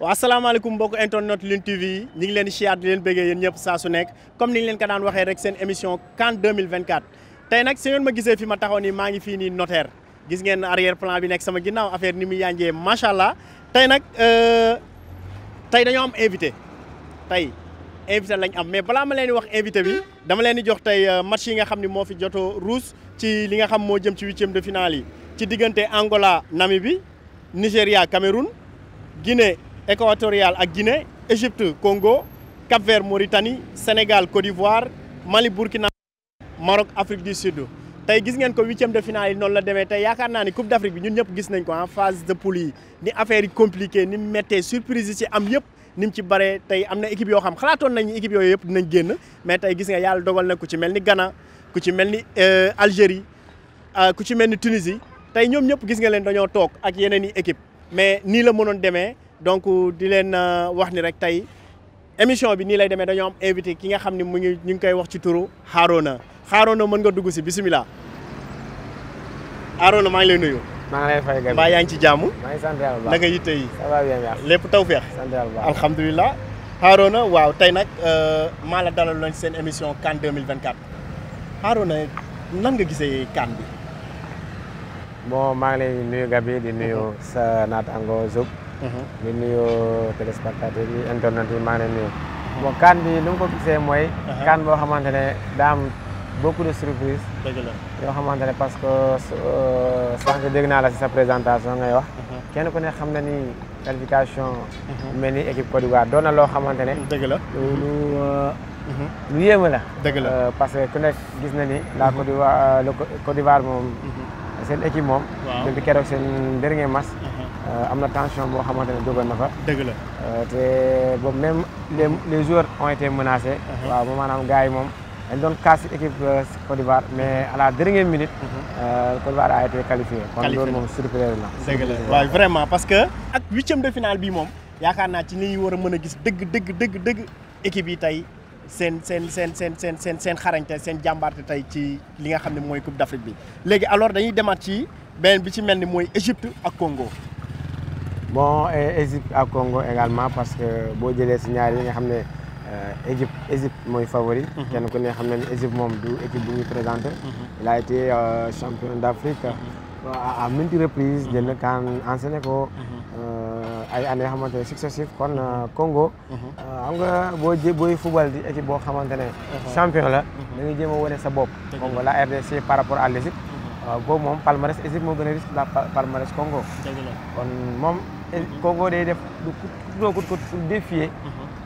waaw asalaamaaleykum mbokk internet Lune TV yi ñu ngi leen di siyaat di leen bëggee yéen ñëpp saa su nekk comme ni ñu leen ko daan waxee rek seen émission CAN 2024. tey nag si ngeen ma gisee fi ma taxaw nii maa ngi fii ni notaire gis ngeen arrière plan bi nekk sama ginnaaw affaire ni mu yànjee macha allah tey nag euh, tey dañoo am invité tey. invité lañ am mais balaa ma leen di wax invité bi dama leen di jox tey euh, match yi nga xam ni moo fi joto ruus ci li nga xam moo jëm ci huitième de finale yi ci diggante Angola Namibie Nigéria Cameroun Guinée équatoriale ak Guinée Égypte Congo Cap-Vert Mauritanie Sénégal Côte d'Ivoire Mali Burkina Maroc Afrique du Sud tey gis ngeen ko huitième de finale yi noonu la demee tey yaakaar naa ni Coupe d'Afrique bi ñun ñëpp gis nañ ko en phase de poule ni affaire yi compliqué yi ci am yëpp ni mu ci bare tey am na équipe yoo xam xalaatoon nañu équipe yooyu yëpp dinañ génn mais tey gis nga yàlla dogal na ku ci mel ni Ghana ku ci mel ni euh, Algérie euh, ku ci mel ni Tunisie tey ñoom ñëpp gis nga leen dañoo toog ak yeneen i équipe mais nii la mënoon demee donc di leen euh, wax ni rek tey émission bi nii lay demee dañoo am invité ki nga xam ni mu ngi ñu ngi koy wax ci turu Harouna Harouna mën nga dugg si bisimilah Harouna maa ngi lay nuyu. maa ngi lay fay gën mbaa yaa ngi ci jàmm. maa ngi sant yàlla bu baax naka yitte yi. ça va bien bien lépp tawféex. sant yàlla bu baax alhamdulilah. Harouna waaw euh, dalal loon seen émission CAN 2024 Harouna nan nga gisee CAN bi. bon maa ngi lay nuyu Gabi di nuyu uh-huh. sa naataango Zouk. Uh-huh. di nuyu téléspectateurs yi internet yi maa ngi lay nuyu. Uh-huh. bon CAN bi ni mu ko gisee mooy. CAN boo xamante ne daa am beaucoup de surprises. dëgg la yoo xamante ne parce que euh, sànq dégg naa la si sa présentation ngay wax. Mhm. kenn ku ne xam na ni qualification. Mhm. mel ni équipe Côte d'Ivoire doon loo xamante ne. dëgg la euh, mhm. lu la. Euh, parce que ku gis na ni. la Côte d'Ivoire Côte d'Ivoire moom. seen équipe moom. waaw depuis keroog dernier match. am na tension boo xamante ne jógoon na fa. dëgg la te boobu même les les joueurs ont été menacés. waaw ba maanaam gars yi moom. dañ doon kaas équipe euh, Côte d'Ivoire mais à la dernière minute. Mhm. Euh, Côte d'Ivoire a été qualifiée. moom surprise la. dëgg la vraiment parce que. ak huitième de final bi moom yaakaar naa ci li ñu war a mën a gis dëgg dëgg dëgg dëgg équipe yi tey seen seen seen seen seen seen seen xarañte seen jàmbaarte tey ci li nga xam ne mooy Coupe d'Afrique bi léegi alors dañuy demaat ci beneen bi ci mel ni mooy Égypte ak Congo. bon Égypte ak Congo également parce que boo jëlee si ñaar yi nga xam ne. Égypte Égypte mon favori. Je Égypte du il a été champion d'Afrique à multiples reprises le camp en ay années successives. successif Congo. xam nga football équipe champion la. la RDC par rapport à l'Égypte. Égypte. palmarès la palmarès Congo. Congo est def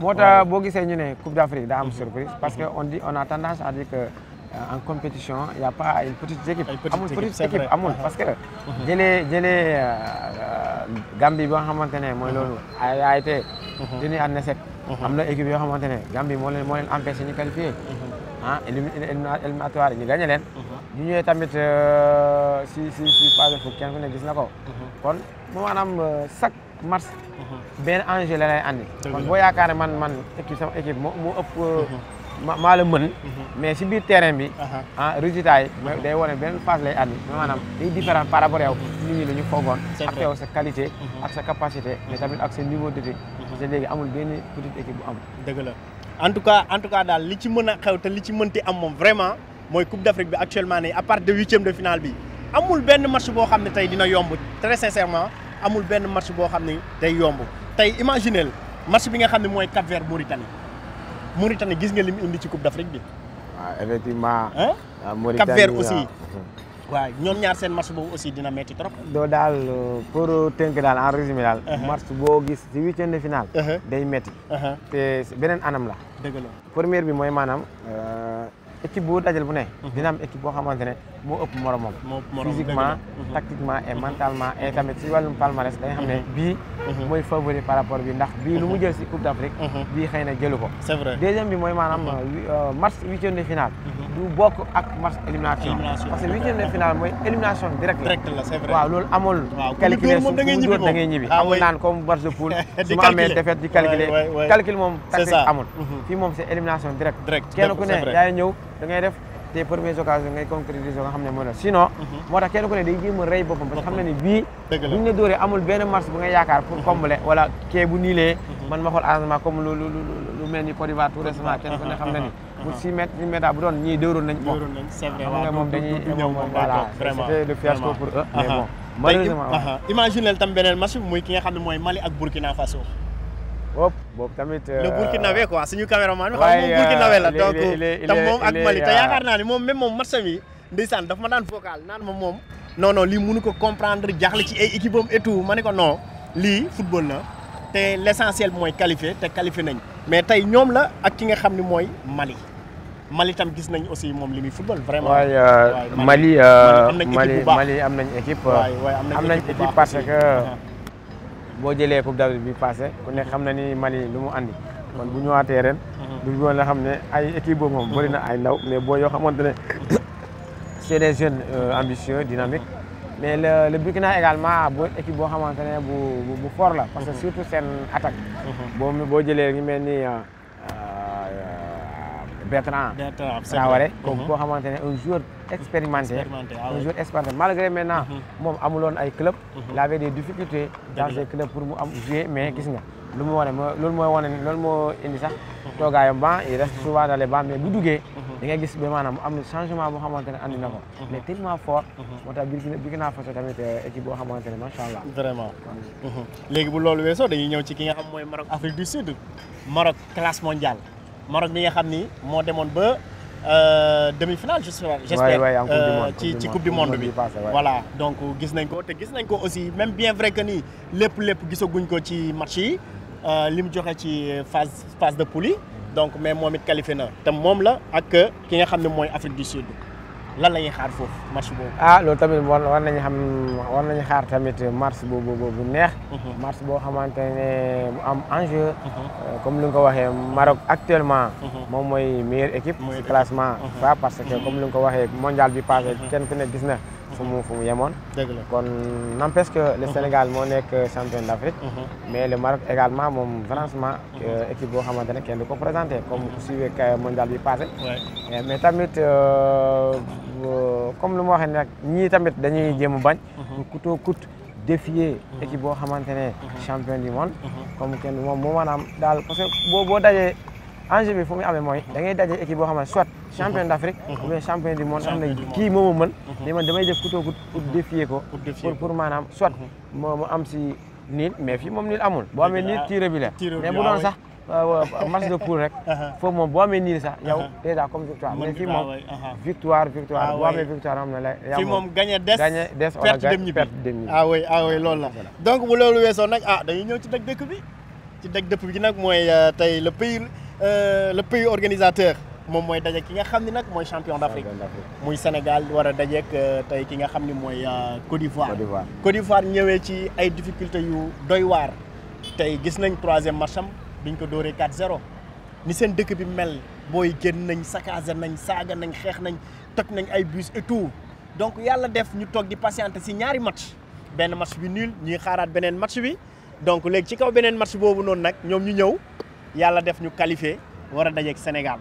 moo ta boo gisee ñu ne Coupe d'Afrique daa mhm. surprise parce que on dit on a tendance à dire que euh, en compétition y pas une petite équipe amul ah, parce ah. que mhm. jëlee jëlee euh, Gambie bi nga xamante ne mooy mhm. loolu a été dini an na set am na équipe yoo xamante ne Gambie moo leen moo leen empêché ñu qualifié ah éliminatoire ñu gagné leen ñu ñëwee tamit euh, si si si phase de gis na ko kon mu match mhm. ben enjeu la lay andi kon boo yaakaar man man équipe sama équipe mo moo ëpp euh, mhm. maa la meun mhm. mais ci biir terrain bi ah résultat day woné benn passe lay andi manam day différent par rapport yow nit ñi la ñu foogoon ak yow sa qualité ak sa capacité mais tamit ak sa niveau de parce que léegi amul ben petite équipe bu am deug la en tout cas en tout cas dal li ci meuna xew te li ci mënti am mom vraiment moy Coupe d'Afrique bi actuellement nii à part de 8e de finale bi amul ben match bo xamné tay dina yomb très sincèrement amul benn match boo xam ne day yomb tey imaginez match bi nga xam ne mooy Cap Vert Mauritanie Mauritanie gis nga li mu indi ci Coupe d'Afrique bi. Ah, ah, waaw effectivement. Mauritanie Cap Vert aussi. waaw ñoom ñaar seen match boobu aussi dina metti trop. doo daal pour tënk daal en résumé daal. Uh-huh. match boo gis ci huitième de finale. Uh-huh. day metti uh-huh. te beneen anam la. dëgg première bi mooy maanaam. Euh, équipe boo dajal bu ne. dina am équipe boo xamante ne moo ëpp moromam. physiquement mhm. tactiquement et mhm. mentalement et tamit si wàllum palmarès da xam ne mhm. bii. mooy favori par rapport bi ndax bii lu mu jël si Coupe d' Afrique. bii na jëlu ko. c' est bi mooy maanaam euh, match de finale. du bokk ak match élimination. parce que huitième de finale mooy élimination direct la waaw loolu amul. waaw calculer su mu dóor da ngay ah, amee défaite di calculer calcul moom tactique amul. fii moom c' est élimination directe. direct kenn ku ne yaay da ngay def tes premières occasions ngay concrétiser nga xam ne mooy la sinon mhm. moo tax kenn ne day jéem a rey boppam parce que xam ne ni bii buñ ne dóoree amul benn match bu nga yaakaar pour mhm. combler wala kee bu niilee mhm. man ma xool arrangement comme lu lu mel ni Côte d'Ivoire tout récemment kenn ku ne xam na ni pour six mètres six bu doon ñii dóoroon nañ ko c'est vrai moom dañuy moom voilà c'était le fiasco pour eux mais uh-huh. bon malheureusement uh-huh. tam beneen match muy ki nga xam ne mooy Mali ak Burkina Faso boobu tamit. le euh, Burkinabé quoi suñu cameraman bi. xam moom euh, Burkinabé la donc tam mom ak Mali te yaakaar naa ni mom même mom match mi ndeysaan daf ma dan vocal nan mom mom non non li mënu ko comprendre jaaxle ci ay équipe am et tout ma ko non li football na té l'essentiel moy mooy qualifié te qualifié nañ mais tay ñom la ak ki nga xamni moy Mali. Mali tam gis nañ aussi mom limi football vraiment. waay euh, Mali Mali Mali am nañ équipe. am nañ équipe parce que. Ah. boo jëlee coupe d'Afrique bi passé ku ne xam na ni Mali lu mu andi. kon bu ñëwaatee ren. Mhm. du ñu la xam ne ay équipe boobu moom bëri na mhm. ay ndaw mais boo yoo xamante ne c'est des jeunes euh, ambitieux dynamiques. mais le le Burkina également bu équipe boo xamante ne bu bu fort la. parce que mhm. surtout seen attaque. boo boo jëlee ñu mel ni. Euh, euh, Bertrand Traoré uh-huh. kooku koo xamante ne un joueur expérimenté ah un joueur expérimenté malgré maintenant uh-huh. moom amuloon ay club uh-huh. il avait des difficultés dans ces clubs pour mu am jouer mais gis nga lu mu wane moo loolu mooy wane loolu moo indi sax toogaayam banc il reste souvent dans les bancs mais bu duggee da ngay gis ba maanaam am na changement boo xamante ne andi na ko mais tellement fort moo tax Burkina Burkina Faso tamit euh, équipe boo xamante ne macha allah vraiment léegi bu loolu weesoo dañuy ñëw ci ki nga xam mooy Maroc Afrique du Sud Maroc classe mondiale Maroc bi nga xam ni moo demoon euh, demi-finale j'espère ci euh, ci coupe du monde bi voilà donc gis nañ ko te gis nañ ko aussi même bien vrai que ni lepp lepp gisaguñ ko ci match yi euh, lim joxe ci phase phase de poule donc mais momit qualifié na te mom la ak ki nga xamni moy Afrique du Sud lan la ñuy xaar foofu match boobu. ah loolu tamit war nañu xam war nañu xaar tamit match bu bu neex. Mhm. match boo xamante ne bu am enjeu. Mhm. Euh, comme li nga ko waxee Maroc actuellement. Mhm. moom mooy meilleure équipe. ci classement. ça parce que comme li nga ko waxee mondial bi passé kenn ku ne gis na. fu mu yamon. mu kon n'empêche que le uh-huh. Sénégal mo nek champion d'Afrique uh-huh. mais le Maroc également mom franchement uh-huh. euh, équipe bo xamantene ne kenn du ko comme ku suivez e mondial bi passé eh, mais tamit euh, euh, comme lu ma waxee nag ñii tamit dañuy jëm bañ couteau coute défier équipe bo xamantene champion du monde comme ken moom moo maanaam daal parce que bo boo dajee enjeu bi fu muy amee mooy da ngay daje équipe boo xam ne soit champion d' Afrique mhm. ou bien champion du monde xam ne kii moo ma mën mhm. ni man damay def mhm. kutóokut pour défier ko pour maanaam soit moo mu am si niil mais fii moom niil amul boo amee niil tiré bi la mais bu doon ah sax euh, match de poule rek uh-huh. foofu moom boo amee niil sax yow uh-huh. déjà comme victoire mais fii moom uh-huh. victoire victoire ah boo amee victoire am na la fii moom des gagné dem ñibbi perte dem ñibbi ah oui ah la donc bu loolu weesoo nag ah Euh, le pays organisateur mom moy daje ki nga xamni nak moy champion d'Afrique moy Sénégal wara a dajeek euh, tey ki nga xamni moy mooy euh, Côte d'Ivoire Côte d'Ivoire ñëwé ci ay difficultés yu doy war tay gis nañ troisième match am biñ ko dóoree 4-0 ni seen dëkk bi mel boy génn nañ saccagé nañ saga nañ xex nañ tok nañ ay bus et tout donc yalla def ñu tok di patienter ci ñaari match benn match bi nul ñuy xaraat benen match bi donc légui ci kaw benen match bobu non nak ñom ñu ñëw yàlla def ñu qualifié war a dajeeg Sénégal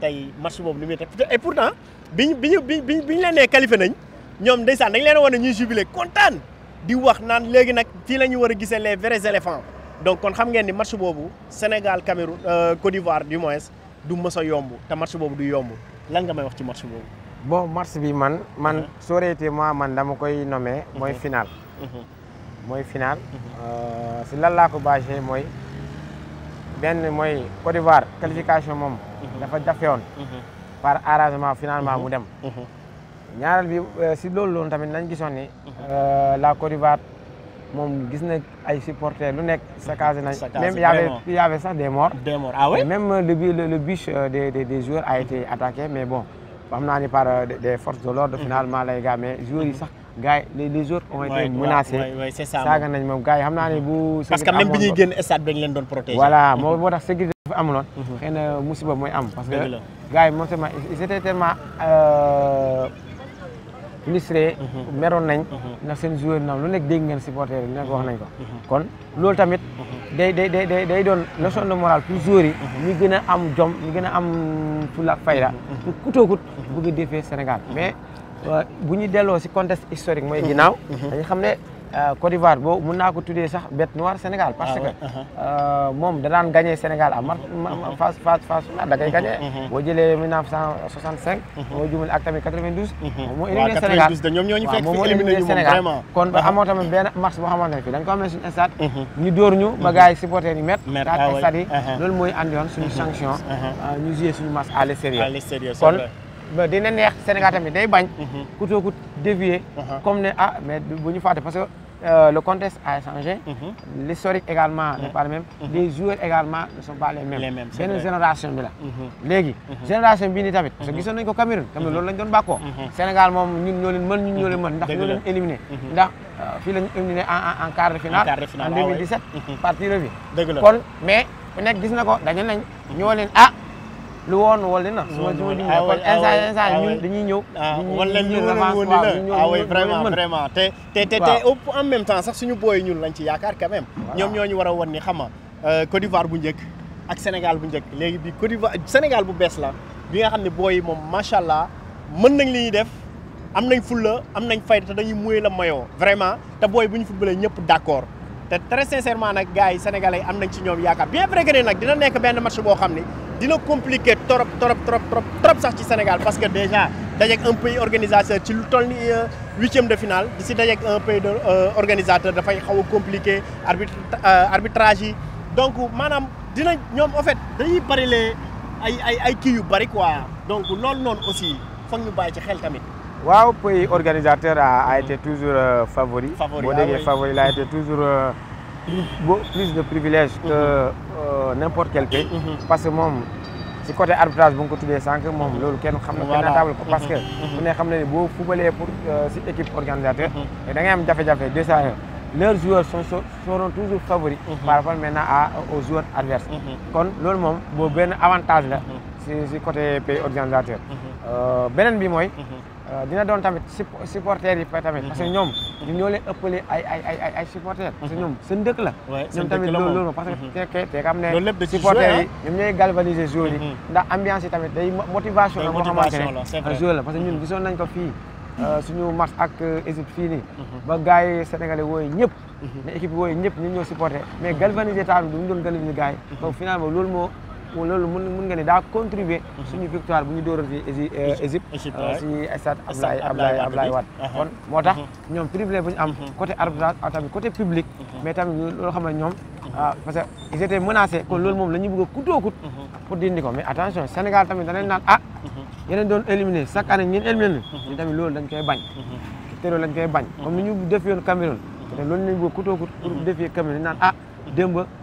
tey match boobu ni muy teg et pourtant biñ biñu bi bi bi ñu leen nee qualifié nañ ñoom ndeysaan dañ leen a war a ñu jubilé kontaan di wax naan léegi nag fii la ñu war a gisee les vrais éléphants donc kon xam ngeen ni match boobu Sénégal Cameroun euh, Côte d'Ivoire du moins du mës yomb te match boobu du yomb lan nga may wax ci match boobu. bon match bi man man uh-huh. soo reetee moi man dama koy nommé. Uh-huh. Uh-huh. mooy final. mooy final. Euh, si lan laa ko mooy. benn mooy Côte d'Ivoire qualification mom mhm. dafa jafe woon. Mhm. par arrangement finalement mu mhm. dem. ñaaral bi euh, si lolou loolu tamit nañ gisoon ni. Euh, la Côte d'Ivoire moom gis na ay supporters lu sa saccagé nañ. même y avait y avait ça des morts. des morts ah ouais même euh, le le le bus des des joueurs a été attaqué mais bon amna ni par des forces de l'ordre finalement lay gàmmee joueurs yi sax. gars yi les autres ont été menacés. waay c'est ça saaga nañ moom gars xam naa ne bu. parce que même bi ñuy génn stade bi dañ leen doon protéger. moo moo tax sécurité dafa amuloon. Mhm. xëy na musiba mooy am. parce que gars yi moom sama ils étaient tellement illustré euh, mhm. meroon nañ mhm. na seen joueur na lu nekk dégg ngeen supporter yi nekk wax nañ ko kon loolu tamit day day day day doon leçon de morale pour joueurs yi ñu gën a am jom ñu gën a am fulla ak fayda pour kutoo kut bëgg a défee Sénégal mais bu ñu delloo si contexte historique mooy ginnaaw mhm. Mhm. dañu xam ne euh, Côte d'Ivoire boobu mun naa ko tuddee sax bête noire Sénégal parce ah que uh-huh. euh, moom da daan gagné Sénégal à mar phase phase phase finale da ngay gagné mhm. Sénégal ñoom ñoo ñu fekk moom moo éliminé Sénégal kon uh-huh. amoo tamit benn match boo xamante ne fii dañ ko amee suñu stade ñu dóor ñu ba gars yi supporter ñu mettre ah stade uh-huh. mooy andi woon suñu sanction euh, ñu joué suñu match à l'extérieur mais dina neex Sénégal tamit day bañ. Mhm. coûte que dévier. Uh-huh. comme né ah mais buñu faté parce que euh, le contexte a changé. Mhm. l'historique également n'est uh-huh. pas le même. Uh-huh. les joueurs également ne sont pas les mêmes. les mêmes benn génération bi la. léegi génération bi ni tamit. parce que gisoon nañu ko Cameroun. Cameroun loolu lañ doon bako Sénégal mom ñun ñoo leen mën ñun ñoo leen mën. ndax ñoo leen éliminé. ndax euh, fi lañ éliminer en en quart de finale. en quart de finale en 2017. partie revue. kon mais ku nekk gis na ko dañu nañ ñoo leen ah. lu woon wolli na. su ma su ma juumee kon instant instant ñun dañuy ñëw. dañuy ñëw ah, ah oui vraiment vraiment te te te en même temps sax suñu booy ñun lañ ci yaakaar quand même. ñoom ñoo ñu war a won ni xam nga euh, Côte d'Ivoire bu njëkk ak Sénégal bu njëkk léegi bi Côte d'Ivoire Sénégal bu bees la bi nga xam ne booy yi moom macha allah mën nañ li ñuy def. am nañ fulla am nañ fayda te dañuy muye la mayoo vraiment te booy bu ñu footballee ñëpp d' accord te très sincèrement nag gars yi sénégalais am nañ ci ñoom yaakaar bien vrai que ne nag dina nekk benn match boo xam ni dina compliquer trop trop trop trop trop sax ci Sénégal parce que déjà dajeeg un pays organisateur ci lu tolni 8 euh, huitième de finale d'ici si dajeeg un pays de euh, organisateur dafay xaw a compliqué arbit euh, arbitrage donc manam dina ñom en fait dañuy bari les ay ay ay kii yu bari quoi donc lool non aussi foog ñu bàyyi ci xel tamit. waaw pays organisateur a été toujours favori. favori boo déggee ah favori la a été toujours. Mmh. plus de privilèges que euh, n'importe quel pays mmh. parce que moom si côté arbitrage bu nga ko tuddee sànq moom lequel nous sommes na table. parce mmh. que ku ne xam na ne boo pour si euh, équipe organisateur da ngay am jafe-jafe déjà leurs joueurs sont seront toujours favoris par rapport maintenant à aux joueurs adverses kon loolu moom boo benn avantage là si si côté pays organisateur euh, beneen bi mooy Euh, dina doon tamit supporters yi tamit parce que ñoom ñu ñoo leen ëppale ay ay ay ay supporters parce que ñoom seen la ñoom tamit loolu loolu parce que mhm. te te ne supporters yi ah. ñoom ñooy galvaniser joueurs yi mhm. ndax ambiance tamit day motivation la boo xamante ne la parce que ñun gisoon ko fii euh, mhm. ak euh, Égypte fii nii ba gars yi sénégalais wooyu ñëpp ne équipe wooyu ñëpp ñu ñoo supporter mais galvaniser temps bi du mu doon galvaniser gars yi donc finalement loolu moo loolu mun mun nga ne daa contribuer mhm. suñu victoire bu ñu dóoral fii euh, Égypte euh, suñu stade Ablaye Ablaye Ablaye mhm. moo ta mhm. ñoom privilège bu ñu am côté arbitrage ak ah, tamit côté public mais tamit loolu ah, loolu moom la ñu bëgg a kutookut pour dindi ko mais attention Sénégal tamit danañ naan ah yeneen doon éliminé chaque année ngeen éliminé ñu tamit loolu dañ koy bañ te loolu lañ koy bañ comme ni ñu def yoon te loolu lañ bëgg kutookut pour defee Cameroun naan ah démb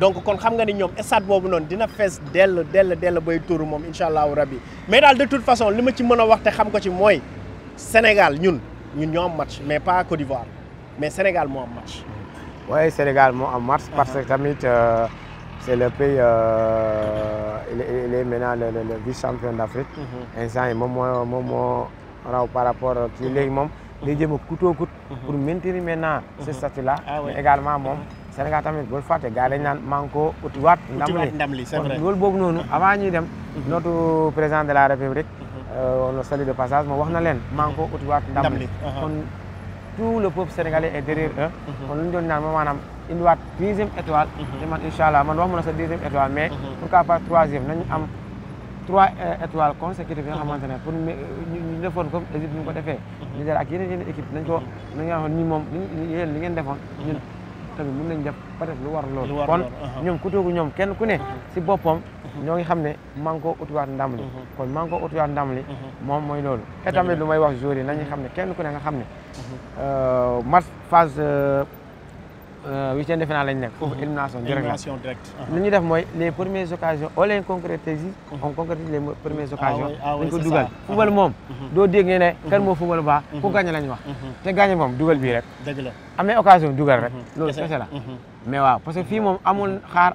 donc kon xam nga ni ñom stade bobu noonu dina fess del del del bay tuuru mom inshallah rabbi mais dal de toute façon li ma ci mëna wax té xam ko ci moy Sénégal ñun ñun ñom match mais pas Côte d'Ivoire mais Sénégal mo am match. Ouais, Sénégal mo am match. parce que ah ah. tamit euh, c'est le pays euh, il est maintenant le le vice champion d'Afrique. Afrique. Mm-hmm. instant yi moom moo moom raw par rapport ci mm-hmm. légui mom day jëm a coûte mm-hmm. pour maintenir maintenant ce statut là. Ah mais également moom. Sénégal tamit bu faté gars dañ naan manko outi wat ndamli ndam li loolu boobu noonu avant ñuy dem mhm. notre président de la république mhm. euh on le salut de passage mo wax na len manko outi wat ndamli uh-huh. kon tout le peuple sénégalais est derrière eux mhm. kon lu ñu doon naan moom maanaam indiwaat deuxième étoile te man inshallah man wax mu na sa deuxième étoile mais pourquoi pas troisième nañu am trois euh, étoiles consécutives yoo xamante pour ñu defoon comme Égypte ñu ko défé defee dara ak yeneen équipe nañ ko nañ wax ni mom moom yéen li ngeen defoon ñun tamit mën nañ def peut-être lu war loolu kon uh-huh. ñoom ku toogu ñoom kenn ku ne uh-huh. si boppam uh-huh. ñoo ngi xam ne maa ngi ndam li kon maa ngi koo utiwaat ndam li moom mooy loolu et tamit lu may wax joueurs yi xam ne kenn ku ne nga xam ne euh, match fas Euh, huitième de finale lañ nekk. foofu mhm. élimination directe élimination directe. li def mooy les premières occasions on les concrétise. on concrétise les premières ah occasions. Ah dañ ko dugal football moom. Mhm. doo dégg ne mhm. kan moo football baax. ku gagné lañ wax. te gagné mom dugal bii rek. dëgg la amee occasion dugal rek. loolu kese la mais waaw parce que fii mom amul xaar.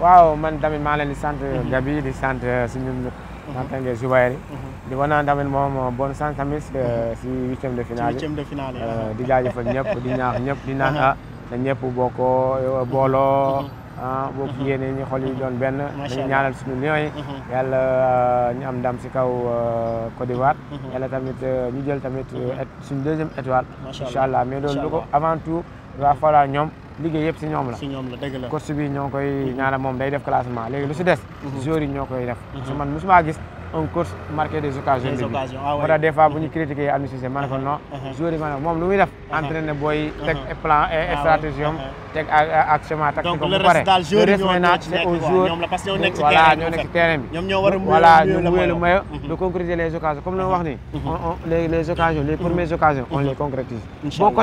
waaw man tamit maa leen di sant mhm. Gabi di sant suñu naataange Zubayri di ko mhm. naan tamit moom euh, bon sens tamit euh, mhm. si huitième de finale yi euh, di jaajëfal ñëpp di ñaax ñëpp di naan ah te ñëpp bokkoo booloo ah boo ko yéene xool yi doon benn dañu ñaanal suñu lion yi yàlla ñu am ndam si kaw Côte d'Ivoire yàlla tamit ñu jël tamit suñu deuxième étoile incha allah mais loolu avant tout waa ñom ñoom liggéey ci ñom la ci ñom la dëgg la course bi ñokoy koy mhm. ñaanal moom day def classement léegi lu ci dess mhm. joueur yi ñokoy def mhm. parce man mosumaa gis un course marqué des occasions de but ah moo des fois bu ñu critiqué Aliou Cissé ko non joueur yi man mom lu muy def entraîné boy tek plan et ah stratégie tek teg ak schéma tactique bu pare le reste maintenant c'est aux joueurs voilà ñoo nekk si terrain bi ñom ñoo voilà ñu wéy le maillot de concrétiser les occasions comme li wax ni les les occasions les premières occasions on les concrétise boko ko